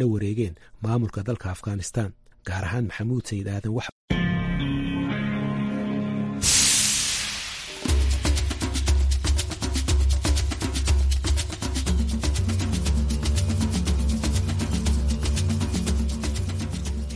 la wareegeen maamulka dalka afghanistan gaar ahaan maxamuud sayid aadan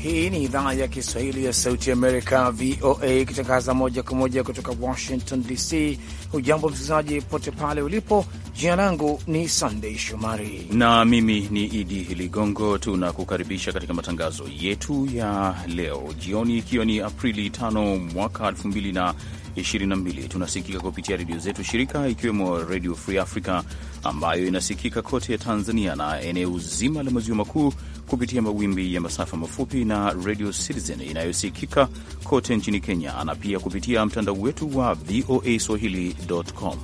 Hii ni idhaa ya Kiswahili ya Sauti ya Amerika, VOA, ikitangaza moja kwa moja kutoka Washington DC. Hujambo msikilizaji pote pale ulipo. Jina langu ni Sandei Shomari na mimi ni Idi Ligongo. Tunakukaribisha katika matangazo yetu ya leo jioni, ikiwa ni Aprili 5 mwaka 2022. Tunasikika kupitia redio zetu shirika, ikiwemo Redio Free Africa ambayo inasikika kote Tanzania na eneo zima la maziwa makuu kupitia mawimbi ya masafa mafupi na Radio Citizen inayosikika kote nchini Kenya na pia kupitia mtandao wetu wa voa swahili.com.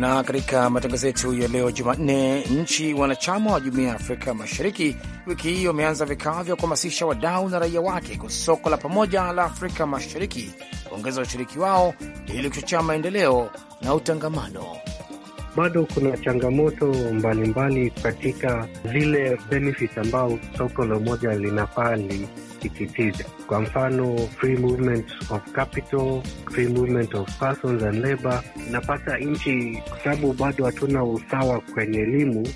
na katika matangazo yetu ya leo Jumanne, nchi wanachama wa jumuiya ya Afrika Mashariki wiki hii wameanza vikao vya kuhamasisha wadau na raia wake kwa soko la pamoja la Afrika Mashariki kuongeza ushiriki wao ili kuchochea maendeleo na utangamano. Bado kuna changamoto mbalimbali mbali katika zile benefits ambao soko la umoja linafaa inasisitiza. Kwa mfano free movement of capital, free movement of persons and labor. Napata nchi kwa sababu bado hatuna usawa kwenye elimu.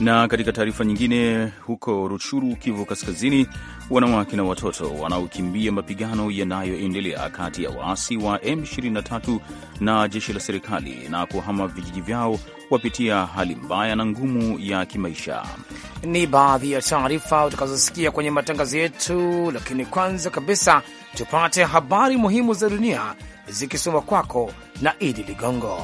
Na katika taarifa nyingine, huko Ruchuru, Kivu Kaskazini, wanawake na watoto wanaokimbia mapigano yanayoendelea kati ya waasi wa M23 na jeshi la serikali na kuhama vijiji vyao wapitia hali mbaya na ngumu ya kimaisha. Ni baadhi ya taarifa utakazosikia kwenye matangazo yetu, lakini kwanza kabisa tupate habari muhimu za dunia zikisoma kwako na Idi Ligongo.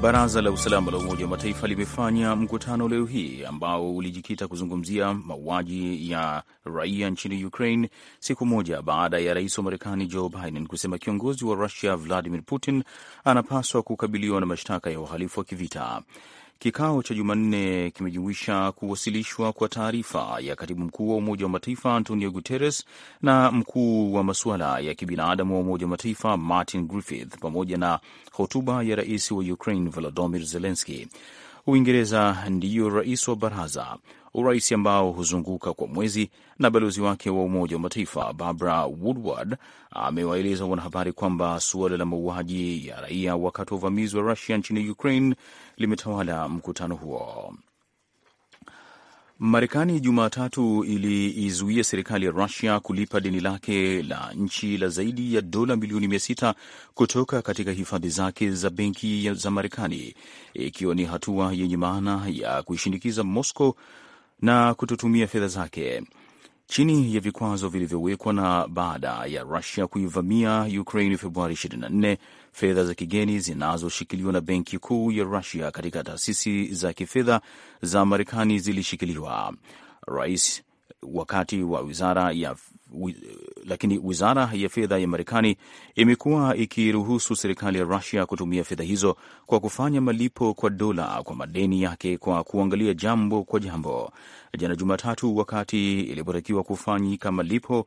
Baraza la Usalama la Umoja wa Mataifa limefanya mkutano leo hii ambao ulijikita kuzungumzia mauaji ya raia nchini Ukraine, siku moja baada ya rais wa Marekani Joe Biden kusema kiongozi wa Russia Vladimir Putin anapaswa kukabiliwa na mashtaka ya uhalifu wa kivita. Kikao cha Jumanne kimejumuisha kuwasilishwa kwa taarifa ya katibu mkuu wa Umoja wa Mataifa Antonio Guterres na mkuu wa masuala ya kibinadamu wa Umoja wa Mataifa Martin Griffith pamoja na hotuba ya rais wa Ukraine Volodymyr Zelensky. Uingereza ndiyo rais wa baraza urais ambao huzunguka kwa mwezi, na balozi wake wa Umoja wa Mataifa Barbara Woodward amewaeleza wanahabari kwamba suala la mauaji ya raia wakati wa uvamizi wa Rusia nchini Ukraine limetawala mkutano huo. Marekani Jumatatu iliizuia serikali ya Rusia kulipa deni lake la nchi la zaidi ya dola milioni mia sita kutoka katika hifadhi zake za benki za Marekani, ikiwa ni hatua yenye maana ya kuishinikiza Moscow na kutotumia fedha zake. Chini ya vikwazo vilivyowekwa na baada ya Rusia kuivamia Ukraine Februari 24, fedha za kigeni zinazoshikiliwa na benki kuu ya Rusia katika taasisi za kifedha za Marekani zilishikiliwa. Rais wakati wa wizara ya lakini wizara ya fedha ya Marekani imekuwa ikiruhusu serikali ya Rusia kutumia fedha hizo kwa kufanya malipo kwa dola kwa madeni yake kwa kuangalia jambo kwa jambo. Jana Jumatatu, wakati ilipotakiwa kufanyika malipo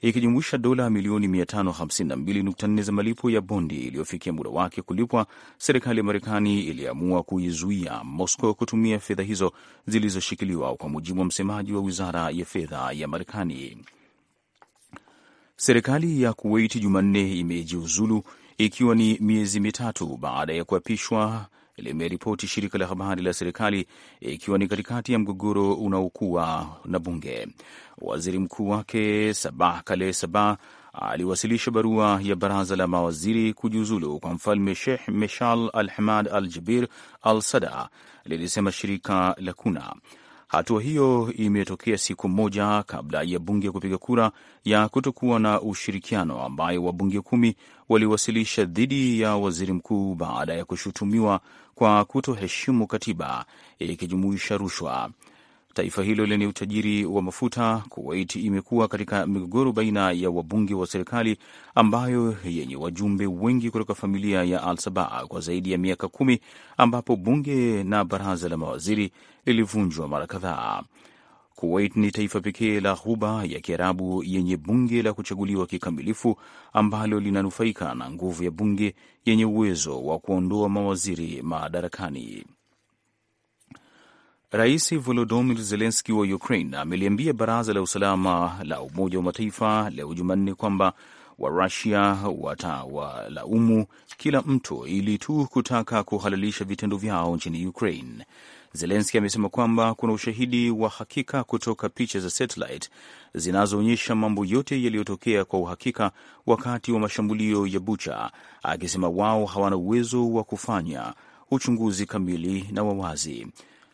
ikijumuisha dola milioni 552.4 za malipo ya bondi iliyofikia muda wake kulipwa, serikali ya Marekani iliamua kuizuia Moscow kutumia fedha hizo zilizoshikiliwa, kwa mujibu wa msemaji wa wizara ya fedha ya Marekani. Serikali ya Kuwait Jumanne imejiuzulu ikiwa ni miezi mitatu baada ya kuapishwa, limeripoti shirika la habari la serikali, ikiwa ni katikati ya mgogoro unaokuwa na bunge. Waziri mkuu wake Sabah Kale Sabah aliwasilisha barua ya baraza la mawaziri kujiuzulu kwa mfalme Sheikh Meshal Al Hamad Al Jabir Al Sada, lilisema shirika la Kuna. Hatua hiyo imetokea siku moja kabla ya bunge kupiga kura ya kutokuwa na ushirikiano ambayo wabunge kumi waliwasilisha dhidi ya waziri mkuu baada ya kushutumiwa kwa kutoheshimu katiba ikijumuisha rushwa taifa hilo lenye utajiri wa mafuta. Kuwait imekuwa katika migogoro baina ya wabunge wa serikali ambayo yenye wajumbe wengi kutoka familia ya Al Sabaa kwa zaidi ya miaka kumi, ambapo bunge na baraza la mawaziri lilivunjwa mara kadhaa. Kuwait ni taifa pekee la Ghuba ya Kiarabu yenye bunge la kuchaguliwa kikamilifu ambalo linanufaika na nguvu ya bunge yenye uwezo wa kuondoa mawaziri madarakani. Rais Volodymyr Zelenski wa Ukraine ameliambia baraza la usalama la Umoja wa Mataifa leo Jumanne kwamba Warusia watawalaumu kila mtu ili tu kutaka kuhalalisha vitendo vyao nchini Ukraine. Zelenski amesema kwamba kuna ushahidi wa hakika kutoka picha za satellite zinazoonyesha mambo yote yaliyotokea kwa uhakika wakati wa mashambulio ya Bucha, akisema wao hawana uwezo wa kufanya uchunguzi kamili na wawazi.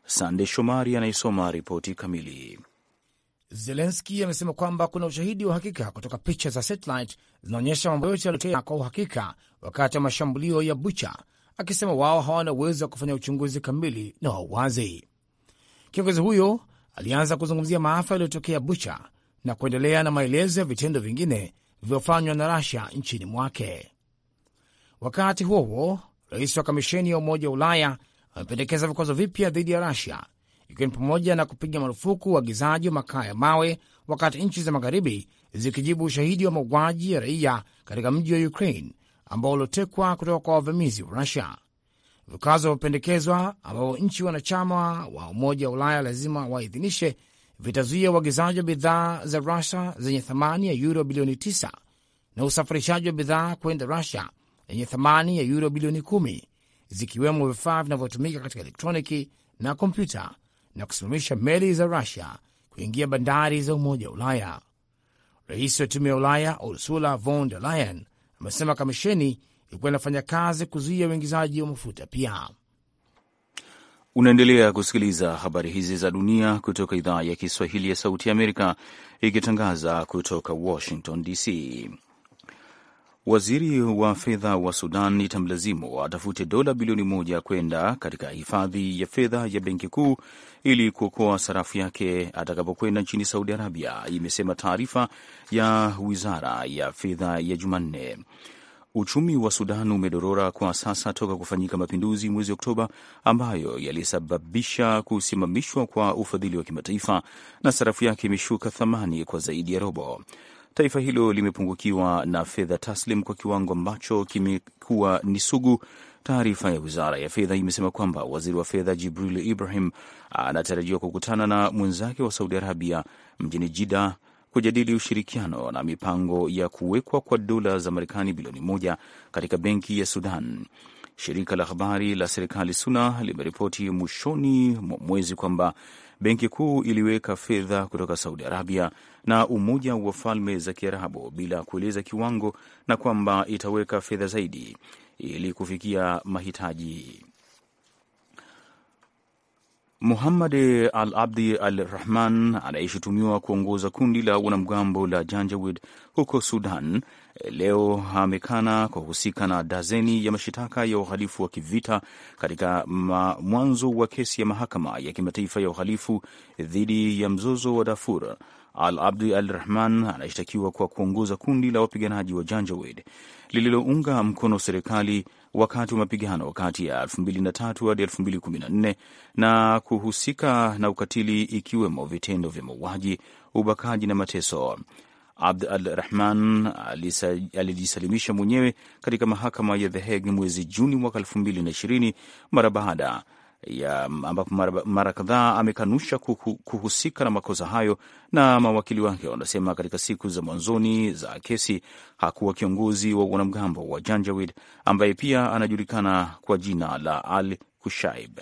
Sande Shomari anaisoma ripoti kamili. Zelenski amesema kwamba kuna ushahidi wa hakika kutoka picha za satellite zinaonyesha mambo yote yaliyotokea kwa uhakika wakati wa mashambulio ya Bucha, akisema wao hawana uwezo wa kufanya uchunguzi kamili na wa uwazi. Kiongozi huyo alianza kuzungumzia maafa yaliyotokea Bucha na kuendelea na maelezo ya vitendo vingine vilivyofanywa na rasia nchini mwake. Wakati huo huo, rais wa kamisheni ya Umoja wa Ulaya wamependekeza vikwazo vipya dhidi ya Rusia, ikiwa ni pamoja na kupiga marufuku uagizaji wa makaa ya mawe, wakati nchi za magharibi zikijibu ushahidi wa mauaji ya raia katika mji wa Ukraine ambao uliotekwa kutoka kwa wavamizi wa Rusia. Vikwazo vivyopendekezwa ambavyo nchi wanachama wa Umoja wa Ulaya lazima waidhinishe vitazuia uagizaji wa bidhaa za Rusia zenye thamani ya yuro bilioni 9 na usafirishaji wa bidhaa kwenda Rusia yenye thamani ya yuro bilioni 1 zikiwemo vifaa vinavyotumika katika elektroniki na kompyuta na kusimamisha meli za Rusia kuingia bandari za Umoja wa Ulaya. Rais wa Tume ya Ulaya Ursula von der Leyen amesema kamisheni ilikuwa inafanya kazi kuzuia uingizaji wa mafuta pia. Unaendelea kusikiliza habari hizi za dunia kutoka idhaa ya Kiswahili ya Sauti ya Amerika, ikitangaza kutoka Washington DC. Waziri wa fedha wa Sudan itamlazimu atafute dola bilioni moja kwenda katika hifadhi ya fedha ya benki kuu ili kuokoa sarafu yake atakapokwenda nchini Saudi Arabia, imesema taarifa ya wizara ya fedha ya Jumanne. Uchumi wa Sudan umedorora kwa sasa toka kufanyika mapinduzi mwezi Oktoba ambayo yalisababisha kusimamishwa kwa ufadhili wa kimataifa na sarafu yake imeshuka thamani kwa zaidi ya robo taifa hilo limepungukiwa na fedha taslim kwa kiwango ambacho kimekuwa ni sugu. Taarifa ya wizara ya fedha imesema kwamba waziri wa fedha Jibril Ibrahim anatarajiwa kukutana na mwenzake wa Saudi Arabia mjini Jida kujadili ushirikiano na mipango ya kuwekwa kwa dola za Marekani bilioni moja katika benki ya Sudan. Shirika la habari la serikali SUNA limeripoti mwishoni mwa mwezi kwamba benki kuu iliweka fedha kutoka Saudi Arabia na Umoja wa Falme za Kiarabu bila kueleza kiwango na kwamba itaweka fedha zaidi ili kufikia mahitaji. Muhammad Al Abdi Al Rahman anayeshutumiwa kuongoza kundi la wanamgambo la Janjawid huko Sudan leo amekana kuhusika na dazeni ya mashitaka ya uhalifu wa kivita katika mwanzo wa kesi ya mahakama ya kimataifa ya uhalifu dhidi ya mzozo wa Darfur. Al Abdi Al Rahman anashitakiwa kwa kuongoza kundi la wapiganaji wa Janjaweed lililounga mkono serikali wakati wa mapigano kati ya 2003 hadi 2014 na kuhusika na ukatili ikiwemo vitendo vya mauaji, ubakaji na mateso. Abd al Rahman alijisalimisha mwenyewe katika mahakama ya The Hague mwezi Juni mwaka elfu mbili na ishirini mara baada ya ambapo mara kadhaa amekanusha kuhusika na makosa hayo, na mawakili wake wanasema katika siku za mwanzoni za kesi hakuwa kiongozi wa wanamgambo wa Janjawid ambaye pia anajulikana kwa jina la Al Kushaib.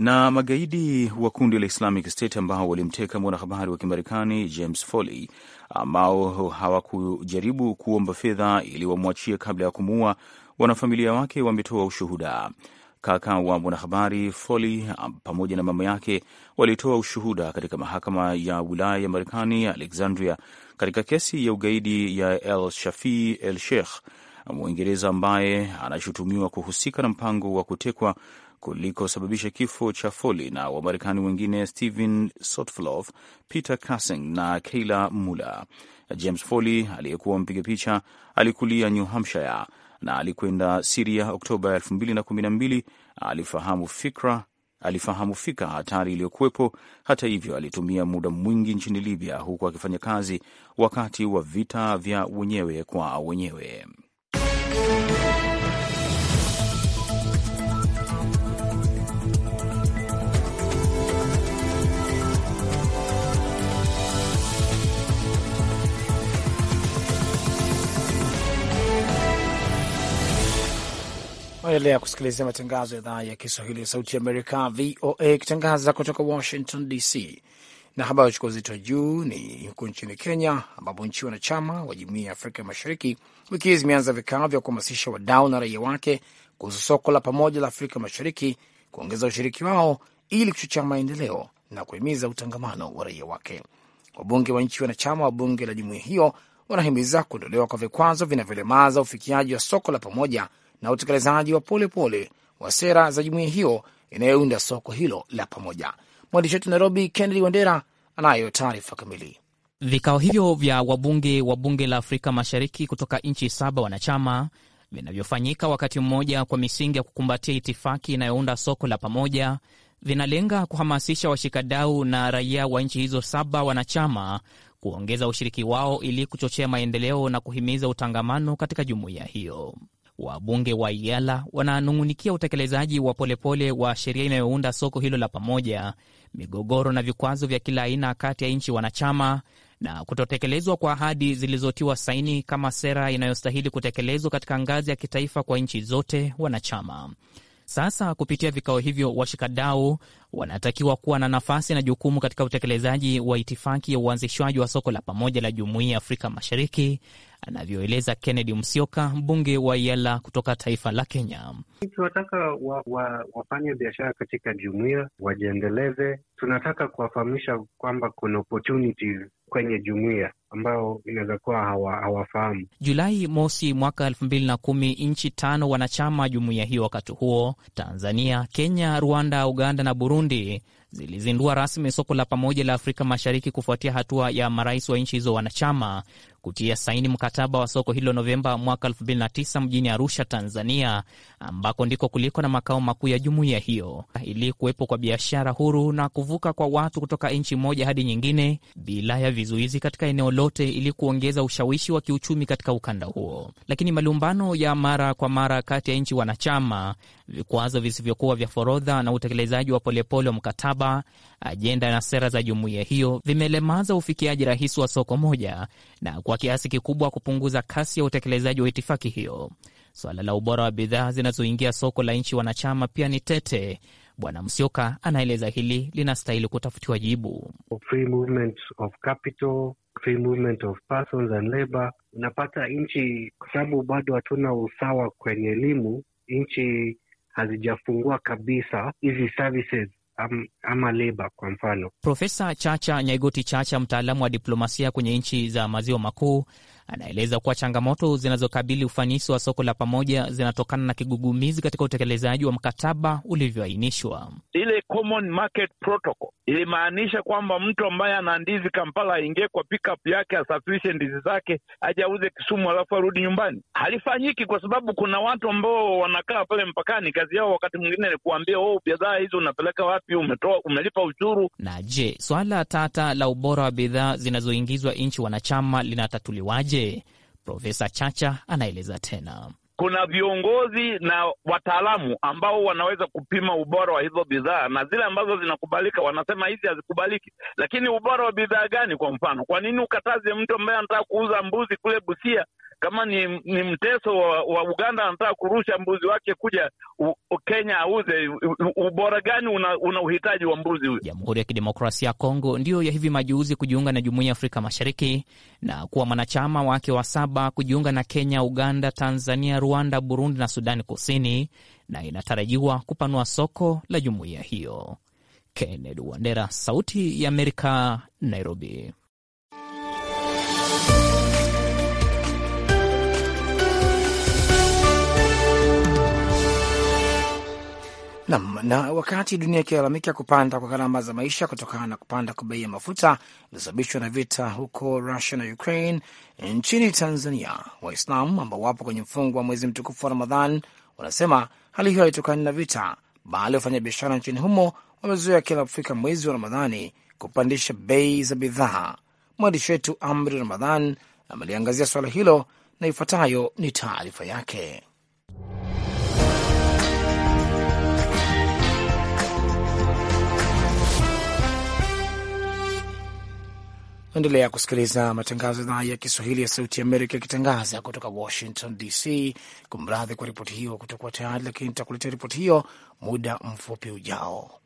Na magaidi wa kundi la Islamic State ambao walimteka mwanahabari wa Kimarekani James Foley ambao hawakujaribu kuomba fedha ili wamwachie kabla ya kumuua, wanafamilia wake wametoa ushuhuda. Kaka wa mwanahabari Foley pamoja na mama yake walitoa ushuhuda katika mahakama ya wilaya ya Marekani Alexandria, katika kesi ya ugaidi ya El Shafi El Sheikh, Mwingereza ambaye anashutumiwa kuhusika na mpango wa kutekwa kulikosababisha kifo cha Foley na Wamarekani wengine Stephen Sotflov, Peter cassing na Kayla Muller. James Foley aliyekuwa mpiga picha alikulia New Hampshire na alikwenda Siria Oktoba 2012. Alifahamu fikra alifahamu fika hatari iliyokuwepo. Hata hivyo, alitumia muda mwingi nchini Libya huku akifanya kazi wakati wa vita vya wenyewe kwa wenyewe. Waendelea kusikiliza matangazo ya idhaa ya Kiswahili ya Sauti ya Amerika, VOA, ikitangaza kutoka Washington DC. Na habari ya uchukua uzito juu ni huko nchini Kenya, ambapo nchi wanachama wa Jumuia ya Afrika Mashariki wiki hii zimeanza vikao vya kuhamasisha wadau na raia wake kuhusu soko la pamoja la Afrika Mashariki kuongeza ushiriki wao ili kuchochea maendeleo na kuhimiza utangamano wa raia wake. Wabunge wa nchi wanachama wa bunge la jumuia hiyo wanahimiza kuondolewa kwa vikwazo vinavyolemaza ufikiaji wa soko la pamoja na utekelezaji wa polepole pole wa sera za jumuiya hiyo inayounda soko hilo la pamoja. Mwandishi wetu Nairobi, Kennedy Wandera anayo taarifa kamili. Vikao hivyo vya wabunge wa bunge la Afrika Mashariki kutoka nchi saba wanachama vinavyofanyika wakati mmoja kwa misingi ya kukumbatia itifaki inayounda soko la pamoja vinalenga kuhamasisha washikadau na raia wa nchi hizo saba wanachama kuongeza ushiriki wao ili kuchochea maendeleo na kuhimiza utangamano katika jumuiya hiyo. Wabunge wa Iala wananung'unikia utekelezaji wa polepole wa sheria inayounda soko hilo la pamoja, migogoro na vikwazo vya kila aina kati ya nchi wanachama na kutotekelezwa kwa ahadi zilizotiwa saini kama sera inayostahili kutekelezwa katika ngazi ya kitaifa kwa nchi zote wanachama. Sasa kupitia vikao hivyo, washikadau wanatakiwa kuwa na nafasi na jukumu katika utekelezaji wa itifaki ya uanzishwaji wa soko la pamoja la Jumuiya ya Afrika Mashariki, anavyoeleza Kennedy msioka mbunge wa Yala kutoka taifa la Kenya. Tunataka wa, wa, wafanye biashara katika jumuiya, wajiendeleze. Tunataka kuwafahamisha kwamba kuna opportunities kwenye jumuiya ambayo inaweza kuwa hawafahamu. Julai mosi mwaka elfu mbili na kumi, nchi tano wanachama jumuiya hiyo, wakati huo Tanzania, Kenya, Rwanda, Uganda na Burundi Burundi zilizindua rasmi soko la pamoja la Afrika Mashariki kufuatia hatua ya marais wa nchi hizo wanachama kutia saini mkataba wa soko hilo Novemba mwaka 2009 mjini Arusha, Tanzania, ambako ndiko kuliko na makao makuu ya jumuiya hiyo, ili kuwepo kwa biashara huru na kuvuka kwa watu kutoka nchi moja hadi nyingine bila ya vizuizi katika eneo lote, ili kuongeza ushawishi wa kiuchumi katika ukanda huo. Lakini malumbano ya mara kwa mara kati ya nchi wanachama, vikwazo visivyokuwa vya forodha na utekelezaji wa polepole wa mkataba, ajenda na sera za jumuiya hiyo vimelemaza ufikiaji rahisi wa soko moja na kwa kiasi kikubwa kupunguza kasi ya utekelezaji wa itifaki hiyo. Swala la ubora wa bidhaa zinazoingia soko la nchi wanachama pia ni tete. Bwana Msioka anaeleza hili linastahili kutafutiwa jibu. Free movement of capital, free movement of persons and labor. Unapata nchi, kwa sababu bado hatuna usawa kwenye elimu, nchi hazijafungua kabisa hizi services ama, ama leba kwa mfano. Profesa Chacha Nyaigoti Chacha, mtaalamu wa diplomasia kwenye nchi za maziwa makuu, anaeleza kuwa changamoto zinazokabili ufanisi wa soko la pamoja zinatokana na kigugumizi katika utekelezaji wa mkataba ulivyoainishwa. Ile common market protocol ilimaanisha kwamba mtu ambaye ana ndizi Kampala aingie kwa pickup yake asafirishe ndizi zake aje auze Kisumu alafu arudi nyumbani. Halifanyiki kwa sababu kuna watu ambao wanakaa pale mpakani, kazi yao wakati mwingine ni kuambia oh, bidhaa hizo unapeleka wapi? Umetoa, umelipa ushuru. Na je, swala tata la ubora wa bidhaa zinazoingizwa nchi wanachama linatatuliwaje? nje. Profesa Chacha anaeleza tena. Kuna viongozi na wataalamu ambao wanaweza kupima ubora wa hizo bidhaa, na zile ambazo zinakubalika wanasema hizi hazikubaliki. Lakini ubora wa bidhaa gani? Kwa mfano, kwa nini ukataze mtu ambaye anataka kuuza mbuzi kule Busia kama ni, ni mteso wa, wa Uganda anataka kurusha mbuzi wake kuja u, u Kenya auze, ubora gani una, una uhitaji wa mbuzi huyo? Jamhuri ya Kidemokrasia ya Kongo ndiyo ya hivi majuzi kujiunga na Jumuiya ya Afrika Mashariki na kuwa mwanachama wake wa saba kujiunga na Kenya, Uganda, Tanzania, Rwanda, Burundi na Sudani Kusini, na inatarajiwa kupanua soko la jumuiya hiyo. Kennedy Wandera, Sauti ya Amerika, Nairobi. Nam. Na wakati dunia ikilalamika kupanda kwa gharama za maisha kutokana na kupanda kwa bei ya mafuta iliosababishwa na vita huko Russia na Ukraine, nchini Tanzania Waislamu ambao wapo kwenye mfungo wa mwezi mtukufu wa Ramadhan wanasema hali hiyo haitokani na vita, bali wafanyabiashara nchini humo wamezoea kila kufika mwezi wa Ramadhani kupandisha bei za bidhaa. Mwandishi wetu Amri Ramadhan ameliangazia swala hilo na ifuatayo ni taarifa yake. Endelea kusikiliza matangazo ya idhaa ya Kiswahili ya Sauti ya Amerika ikitangaza kutoka Washington DC. Kumradhi kwa ripoti hiyo kutokuwa tayari, lakini nitakuletea ripoti hiyo muda mfupi ujao.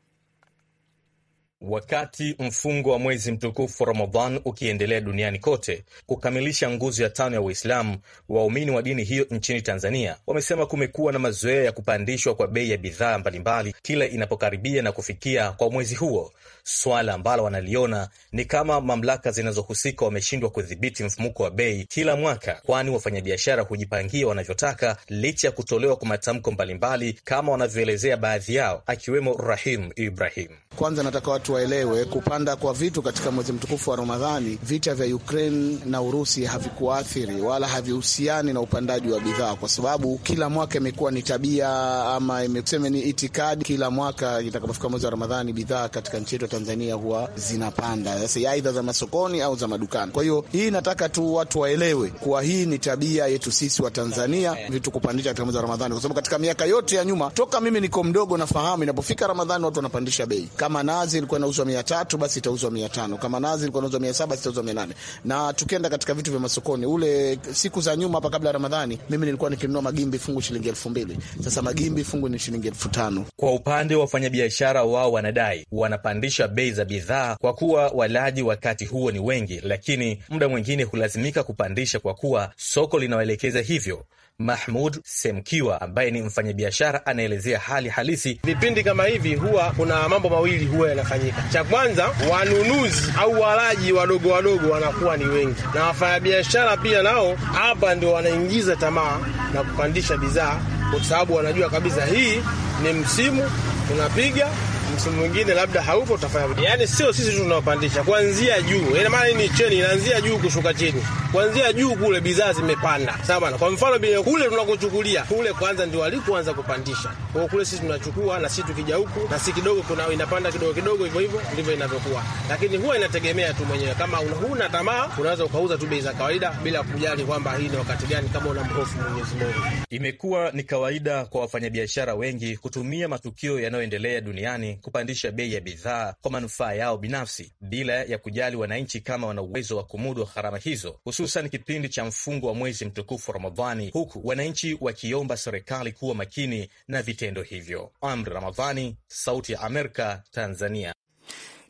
Wakati mfungo wa mwezi mtukufu Ramadhan ukiendelea duniani kote kukamilisha nguzo ya tano ya Uislamu, waumini wa dini hiyo nchini Tanzania wamesema kumekuwa na mazoea ya kupandishwa kwa bei ya bidhaa mbalimbali kila inapokaribia na kufikia kwa mwezi huo, swala ambalo wanaliona ni kama mamlaka zinazohusika wameshindwa kudhibiti mfumuko wa bei kila mwaka, kwani wafanyabiashara hujipangia wanavyotaka licha ya kutolewa kwa matamko mbalimbali, kama wanavyoelezea baadhi yao, akiwemo Rahim Ibrahim. Kwanza nataka watu watu waelewe kupanda kwa vitu katika mwezi mtukufu wa Ramadhani, vita vya Ukraine na Urusi havikuathiri wala havihusiani na upandaji wa bidhaa, kwa sababu kila mwaka imekuwa ni tabia ama imeseme ni itikadi. Kila mwaka itakapofika mwezi wa Ramadhani, bidhaa katika nchi yetu ya Tanzania huwa zinapanda, sasa aidha za masokoni au za madukani. Kwa hiyo hii nataka tu watu waelewe kuwa hii ni tabia yetu sisi wa Tanzania, vitu kupandisha katika mwezi wa Ramadhani, kwa sababu katika miaka yote ya nyuma toka mimi niko mdogo nafahamu inapofika Ramadhani watu wanapandisha bei, kama nazi ilikuwa inauzwa mia tatu basi itauzwa mia tano kama nazi ilikuwa inauzwa mia saba basi itauzwa mia nane na tukienda katika vitu vya masokoni, ule siku za nyuma hapa kabla ya Ramadhani, mimi nilikuwa nikinunua magimbi fungu shilingi elfu mbili sasa magimbi fungu ni shilingi elfu tano Kwa upande wa wafanyabiashara, wao wanadai wanapandisha bei za bidhaa kwa kuwa walaji wakati huo ni wengi, lakini muda mwingine hulazimika kupandisha kwa kuwa soko linawaelekeza hivyo. Mahmud Semkiwa ambaye ni mfanyabiashara anaelezea hali halisi. Vipindi kama hivi huwa kuna mambo mawili huwa yanafanyika. Cha kwanza, wanunuzi au walaji wadogo wadogo wanakuwa ni wengi, na wafanyabiashara pia nao hapa ndio wanaingiza tamaa na kupandisha bidhaa, kwa sababu wanajua kabisa hii ni msimu tunapiga msimu mwingine labda haupo, utafanya yani, sio sisi tunaopandisha kuanzia juu. Ina maana ni cheni inaanzia juu kushuka chini, kuanzia juu kule bidhaa zimepanda sawa. Kwa mfano bila kule tunakochukulia kule kwanza ndio walikuanza kupandisha kwa kule, sisi tunachukua na sisi tukija huku na sisi kidogo, kuna inapanda kidogo kidogo, hivyo hivyo ndivyo inavyokuwa, lakini huwa inategemea tu mwenyewe. Kama una huna tamaa, unaweza ukauza tu bei za kawaida bila kujali kwamba hii ni wakati gani, kama una mhofu Mwenyezi Mungu. Imekuwa ni kawaida kwa wafanyabiashara wengi kutumia matukio yanayoendelea duniani kupandisha bei ya bidhaa kwa manufaa yao binafsi bila ya kujali wananchi kama wana uwezo wa kumudu gharama hizo, hususan kipindi cha mfungo wa mwezi mtukufu Ramadhani, huku wananchi wakiomba serikali kuwa makini na vitendo hivyo. Amri Ramadhani, Sauti ya Amerika, Tanzania.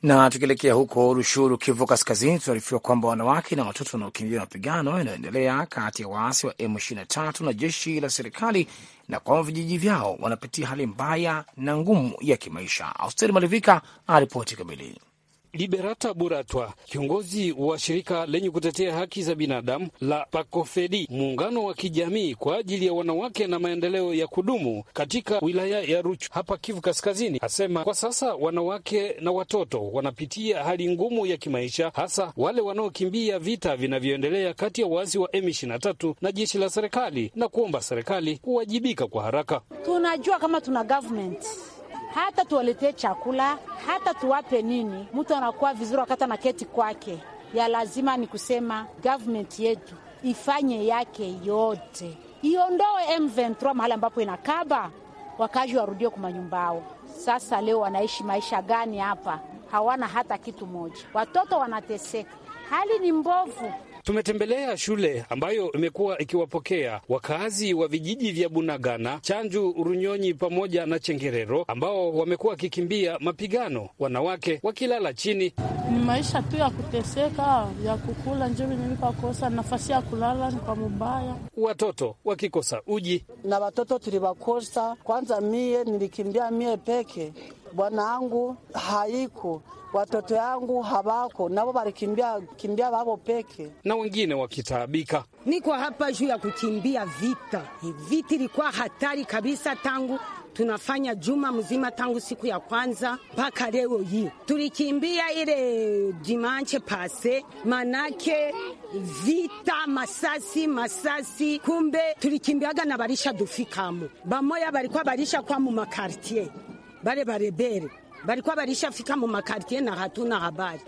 Na tukielekea huko Rushuru, Kivu Kaskazini, tunaarifiwa kwamba wanawake na watoto wanaokimbia mapigano yanayoendelea kati ya waasi wa M23 na jeshi la serikali na kwamba vijiji vyao wanapitia hali mbaya na ngumu ya kimaisha. Austeri Malivika aripoti kamili. Liberata Buratwa, kiongozi wa shirika lenye kutetea haki za binadamu la Pakofedi, muungano wa kijamii kwa ajili ya wanawake na maendeleo ya kudumu katika wilaya ya Ruchu hapa Kivu Kaskazini, asema kwa sasa wanawake na watoto wanapitia hali ngumu ya kimaisha, hasa wale wanaokimbia vita vinavyoendelea kati ya waasi wa M23 na jeshi la serikali, na kuomba serikali kuwajibika kwa haraka. Tunajua kama tuna government hata tuwaletee chakula, hata tuwape nini, mtu anakuwa vizuri wakati anaketi kwake. Ya lazima ni kusema government yetu ifanye yake yote, iondoe M23 mahali ambapo inakaba wakazi warudie kwa manyumba yao. Sasa leo wanaishi maisha gani hapa? Hawana hata kitu moja, watoto wanateseka, hali ni mbovu. Tumetembelea shule ambayo imekuwa ikiwapokea wakazi wa vijiji vya Bunagana, Chanju, Runyonyi pamoja na Chengerero ambao wamekuwa wakikimbia mapigano, wanawake wakilala chini. Ni maisha tu ya kuteseka, ya kukula njuri nilipakosa, nafasi ya kulala ni kwa mubaya, watoto wakikosa uji na watoto tuliwakosa. Kwanza mie nilikimbia mie peke, angu haiko watoto yangu habako navo walikimbia kimbia wavo peke na wengine wakitaabika. Niko hapa juu ya kukimbia vita. Vita ilikuwa hatari kabisa tangu tunafanya juma mzima tangu siku ya kwanza mpaka leo hii, tulikimbia ile dimanche pase, manake vita masasi masasi. Kumbe tulikimbiaga na barisha dufikamo bamoya balikuwa barisha kwa mu makartier bale barebere barikuwa barishafika mu makartie na hatuna habari.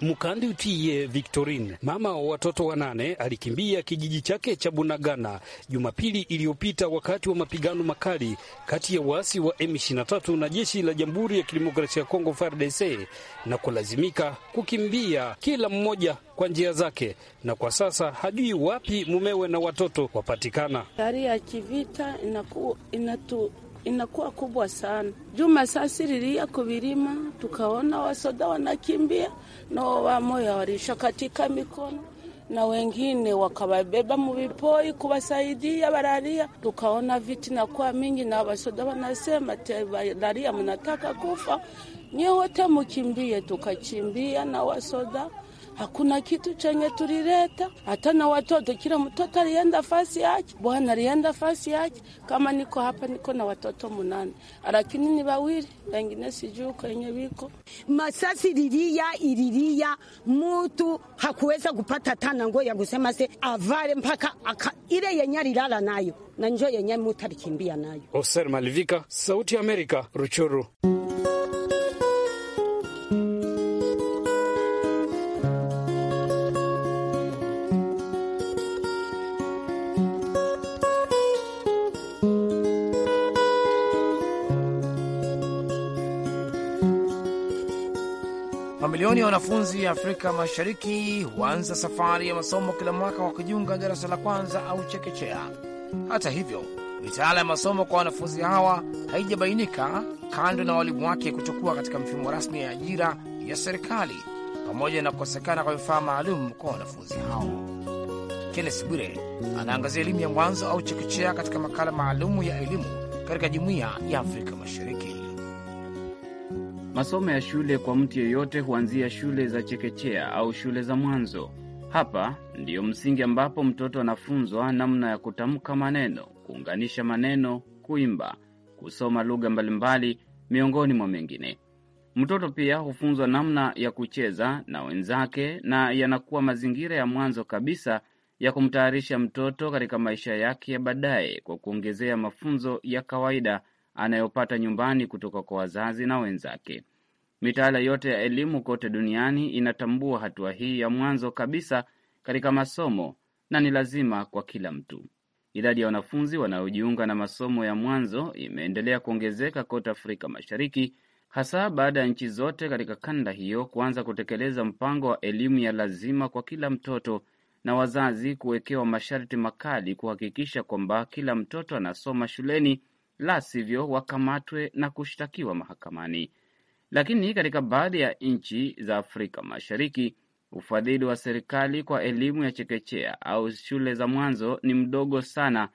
Mkandi utiye Victorine, mama wa watoto wanane, alikimbia kijiji chake cha Bunagana Jumapili iliyopita wakati wa mapigano makali kati ya waasi wa M23 na jeshi la Jamhuri ya Kidemokrasia ya Kongo FARDC na kulazimika kukimbia kila mmoja kwa njia zake, na kwa sasa hajui wapi mumewe na watoto wapatikana. Hali ya kivita inaku, inatu inakuwa kubwa sana. Juma sasi lilia kuvilima, tukaona wasoda wanakimbia na wamoya walisha katika mikono na wengine wakawabeba muvipoi kuwasaidia walalia. Tukaona viti nakuwa mingi na wasoda wanasema walalia, mnataka kufa nyewote mukimbie. Tukachimbia na wasoda hakuna kitu chenye tulileta. Hata na watoto, kila mtoto alienda fasi yake, bwana alienda fasi yake. Kama niko hapa, niko na watoto munane, lakini ni wawili, wengine sijui kwenye wiko. Masasi ililia ililia, mutu hakuweza kupata tana nguo ya kusema se avale mpaka aka, ile yenye alilala nayo na njo yenye mutu alikimbia nayo. Oser Malivika, Sauti ya Amerika, Ruchuru. Mamilioni ya wanafunzi Afrika Mashariki huanza safari ya masomo kila mwaka kwa kujiunga darasa la kwanza au chekechea. Hata hivyo, mitaala ya masomo kwa wanafunzi hawa haijabainika, kando na walimu wake kutokuwa katika mfumo rasmi ya ajira ya serikali, pamoja na kukosekana kwa vifaa maalum kwa wanafunzi hao. Kennes Bwire anaangazia elimu ya mwanzo au chekechea katika makala maalumu ya elimu katika Jumuiya ya Afrika Mashariki. Masomo ya shule kwa mtu yeyote huanzia shule za chekechea au shule za mwanzo. Hapa ndiyo msingi ambapo mtoto anafunzwa namna ya kutamka maneno, kuunganisha maneno, kuimba, kusoma lugha mbalimbali, miongoni mwa mengine. Mtoto pia hufunzwa namna ya kucheza na wenzake, na yanakuwa mazingira ya mwanzo kabisa ya kumtayarisha mtoto katika maisha yake ya baadaye, kwa kuongezea mafunzo ya kawaida anayopata nyumbani kutoka kwa wazazi na wenzake. Mitaala yote ya elimu kote duniani inatambua hatua hii ya mwanzo kabisa katika masomo na ni lazima kwa kila mtu. Idadi ya wanafunzi wanaojiunga na masomo ya mwanzo imeendelea kuongezeka kote Afrika Mashariki, hasa baada ya nchi zote katika kanda hiyo kuanza kutekeleza mpango wa elimu ya lazima kwa kila mtoto na wazazi kuwekewa masharti makali kuhakikisha kwamba kila mtoto anasoma shuleni la sivyo wakamatwe na kushtakiwa mahakamani. Lakini katika baadhi ya nchi za Afrika Mashariki, ufadhili wa serikali kwa elimu ya chekechea au shule za mwanzo ni mdogo sana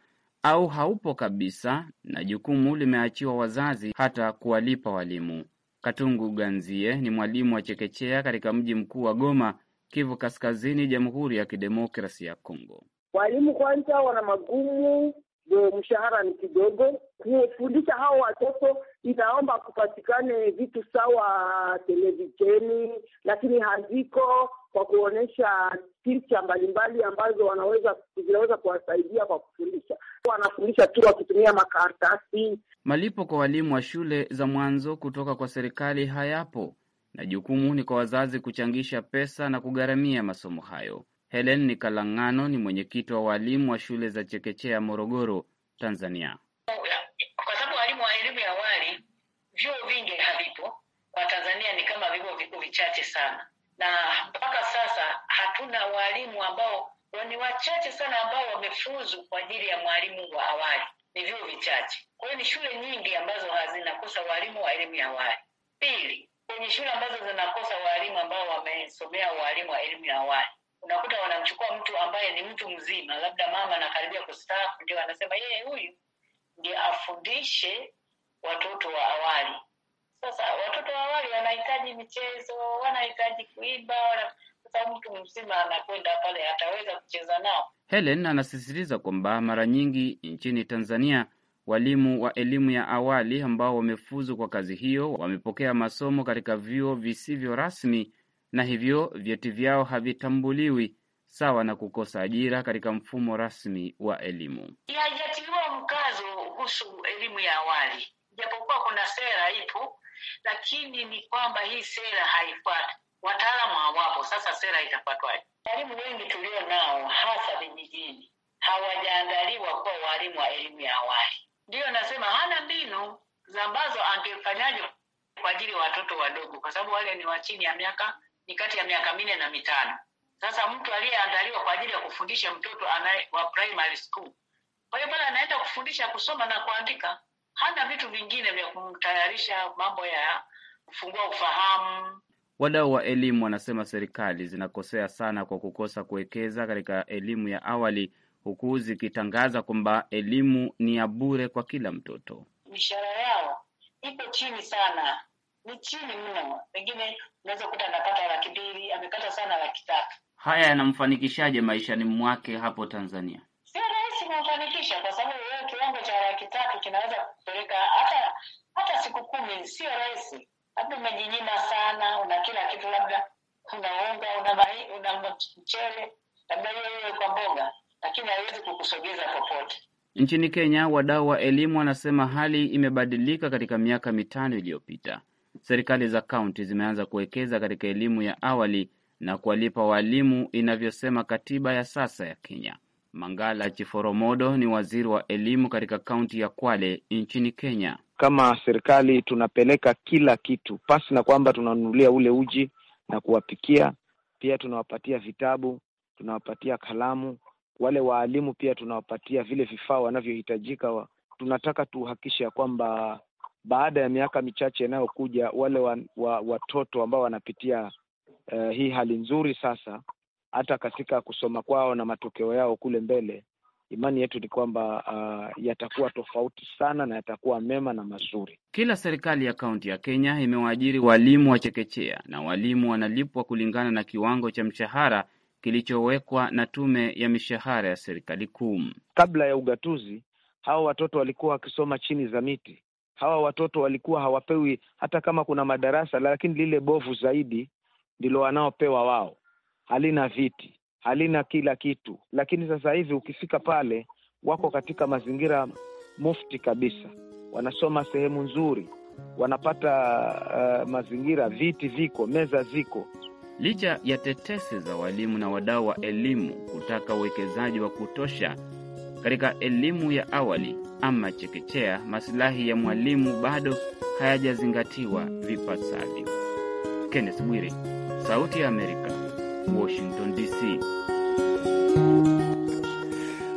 au haupo kabisa, na jukumu limeachiwa wazazi hata kuwalipa walimu. Katungu Ganzie ni mwalimu wa chekechea katika mji mkuu wa Goma, Kivu Kaskazini, Jamhuri ya Kidemokrasi ya Kongo. Walimu kwanza wana magumu ndio mshahara ni kidogo. Kufundisha hao watoto inaomba kupatikane vitu sawa televisheni, lakini haziko kwa kuonyesha picha mbalimbali ambazo wanaweza zinaweza kuwasaidia kwa kufundisha. Wanafundisha tu wakitumia makaratasi. Malipo kwa walimu wa shule za mwanzo kutoka kwa serikali hayapo na jukumu ni kwa wazazi kuchangisha pesa na kugharamia masomo hayo. Helen Nikalang'ano ni mwenyekiti wa walimu wa shule za chekechea Morogoro, Tanzania. Kwa sababu walimu wa elimu ya awali vyuo vingi havipo kwa Tanzania, ni kama vivo vikuu vichache sana, na mpaka sasa hatuna walimu ambao ni wachache sana ambao wamefuzu kwa ajili ya mwalimu wa awali, ni vyuo vichache. Kwa hiyo ni shule nyingi ambazo hazinakosa waalimu wa elimu ya awali. Pili, kwenye shule ambazo zinakosa waalimu ambao wamesomea walimu wa elimu ya awali unakuta wanamchukua mtu ambaye ni mtu mzima, labda mama anakaribia kustaafu, ndio anasema yeye huyu ndiye afundishe watoto wa awali. Sasa watoto wa awali wanahitaji michezo, wanahitaji kuimba, wana... sasa mtu mzima anakwenda pale, ataweza kucheza nao? Helen anasisitiza kwamba mara nyingi nchini Tanzania walimu wa elimu ya awali ambao wamefuzu kwa kazi hiyo wamepokea masomo katika vyuo visivyo rasmi na hivyo vyeti vyao havitambuliwi sawa na kukosa ajira katika mfumo rasmi wa elimu. Haijatiliwa mkazo kuhusu elimu ya awali, japokuwa kuna sera ipo, lakini ni kwamba hii sera haifuatwi, wataalamu hawapo. Sasa sera itafuatwaje? Walimu wengi tulio nao hasa vijijini hawajaandaliwa kuwa walimu wa elimu ya awali, ndiyo nasema hana mbinu ambazo angefanyaje kwa ajili ya watoto wadogo, kwa sababu wale ni wa chini ya miaka ni kati ya miaka minne na mitano. Sasa mtu aliyeandaliwa kwa ajili ya kufundisha mtoto anaye wa primary school, kwa hiyo pale anaenda kufundisha kusoma na kuandika, hana vitu vingine vya kumtayarisha mambo ya kufungua ufahamu. Wadau wa elimu wanasema serikali zinakosea sana kwa kukosa kuwekeza katika elimu ya awali, huku zikitangaza kwamba elimu ni ya bure kwa kila mtoto. Mishahara yao ipo chini sana, ni chini mno, pengine unaweza kuta anapata laki mbili, amepata sana laki tatu. Haya yanamfanikishaje maishani mwake hapo Tanzania? Sio rahisi kumfanikisha, kwa sababu yeye kiwango cha laki tatu kinaweza kupeleka hata hata siku kumi. Sio rahisi, labda umejinyima sana, una kila kitu, labda una unga, una una mchele, labda wewe kwa mboga, lakini haiwezi kukusogeza popote. Nchini Kenya, wadau wa elimu wanasema hali imebadilika katika miaka mitano iliyopita serikali za kaunti zimeanza kuwekeza katika elimu ya awali na kuwalipa waalimu inavyosema katiba ya sasa ya Kenya. Mangala Chiforomodo ni waziri wa elimu katika kaunti ya Kwale nchini Kenya. Kama serikali tunapeleka kila kitu, pasi na kwamba tunanunulia ule uji na kuwapikia, pia tunawapatia vitabu, tunawapatia kalamu. Wale waalimu pia tunawapatia vile vifaa wanavyohitajika. Tunataka tuhakikishe ya kwamba baada ya miaka michache inayokuja wale wa, wa, watoto ambao wanapitia uh, hii hali nzuri sasa, hata katika kusoma kwao na matokeo yao kule mbele, imani yetu ni kwamba uh, yatakuwa tofauti sana na yatakuwa mema na mazuri. Kila serikali ya kaunti ya Kenya imewaajiri walimu wa chekechea na walimu wanalipwa kulingana na kiwango cha mshahara kilichowekwa na tume ya mishahara ya serikali kuu. Kabla ya ugatuzi, hao watoto walikuwa wakisoma chini za miti hawa watoto walikuwa hawapewi hata kama kuna madarasa, lakini lile bovu zaidi ndilo wanaopewa wao. Halina viti, halina kila kitu, lakini sasa hivi ukifika pale wako katika mazingira mufti kabisa, wanasoma sehemu nzuri, wanapata uh, mazingira, viti viko, meza ziko. Licha ya tetesi za walimu na wadau wa elimu kutaka uwekezaji wa kutosha katika elimu ya awali ama chekechea, masilahi ya mwalimu bado hayajazingatiwa vipasavyo. Kenneth Bwire, Sauti ya Amerika, Washington DC.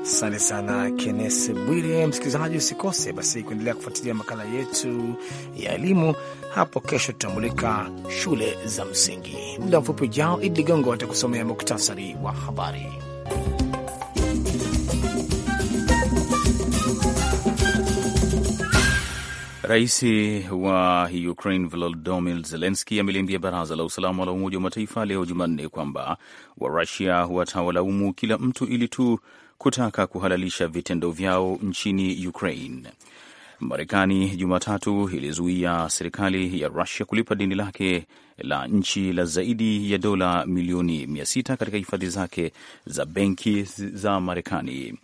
Asante sana kennes Bwire. Msikilizaji, usikose basi kuendelea kufuatilia makala yetu ya elimu hapo. Kesho tutamulika shule za msingi. Muda mfupi ujao, Idi Ligongo atakusomea muktasari wa habari. Rais wa Ukraine Volodymyr Zelensky ameliambia baraza la usalama la Umoja wa Mataifa leo Jumanne kwamba Warusia watawalaumu kila mtu ili tu kutaka kuhalalisha vitendo vyao nchini Ukraine. Marekani Jumatatu ilizuia serikali ya Rusia kulipa deni lake la nchi la zaidi ya dola milioni 6 katika hifadhi zake za benki za Marekani.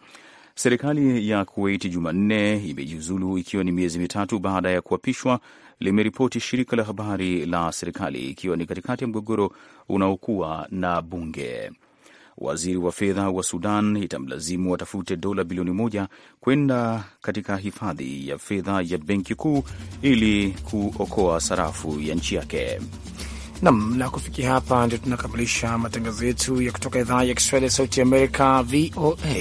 Serikali ya Kuwait Jumanne imejiuzulu ikiwa ni miezi mitatu baada ya kuapishwa, limeripoti shirika la habari la serikali, ikiwa ni katikati ya mgogoro unaokuwa na bunge. Waziri wa fedha wa Sudan itamlazimu watafute dola bilioni moja kwenda katika hifadhi ya fedha ya benki kuu ili kuokoa sarafu ya nchi yake nam na kufikia hapa ndio tunakamilisha matangazo yetu ya kutoka idhaa ya Kiswahili ya Sauti Amerika, VOA.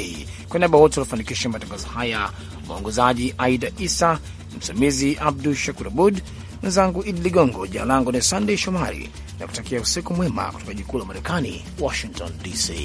Kwa niaba wote waliofanikisha matangazo haya, mwongozaji Aida Isa, msimamizi Abdu Shakur Abud, mwenzangu Idi Ligongo, jina langu ni Sandey Shomari na kutakia usiku mwema kutoka jikuu la Marekani, Washington DC.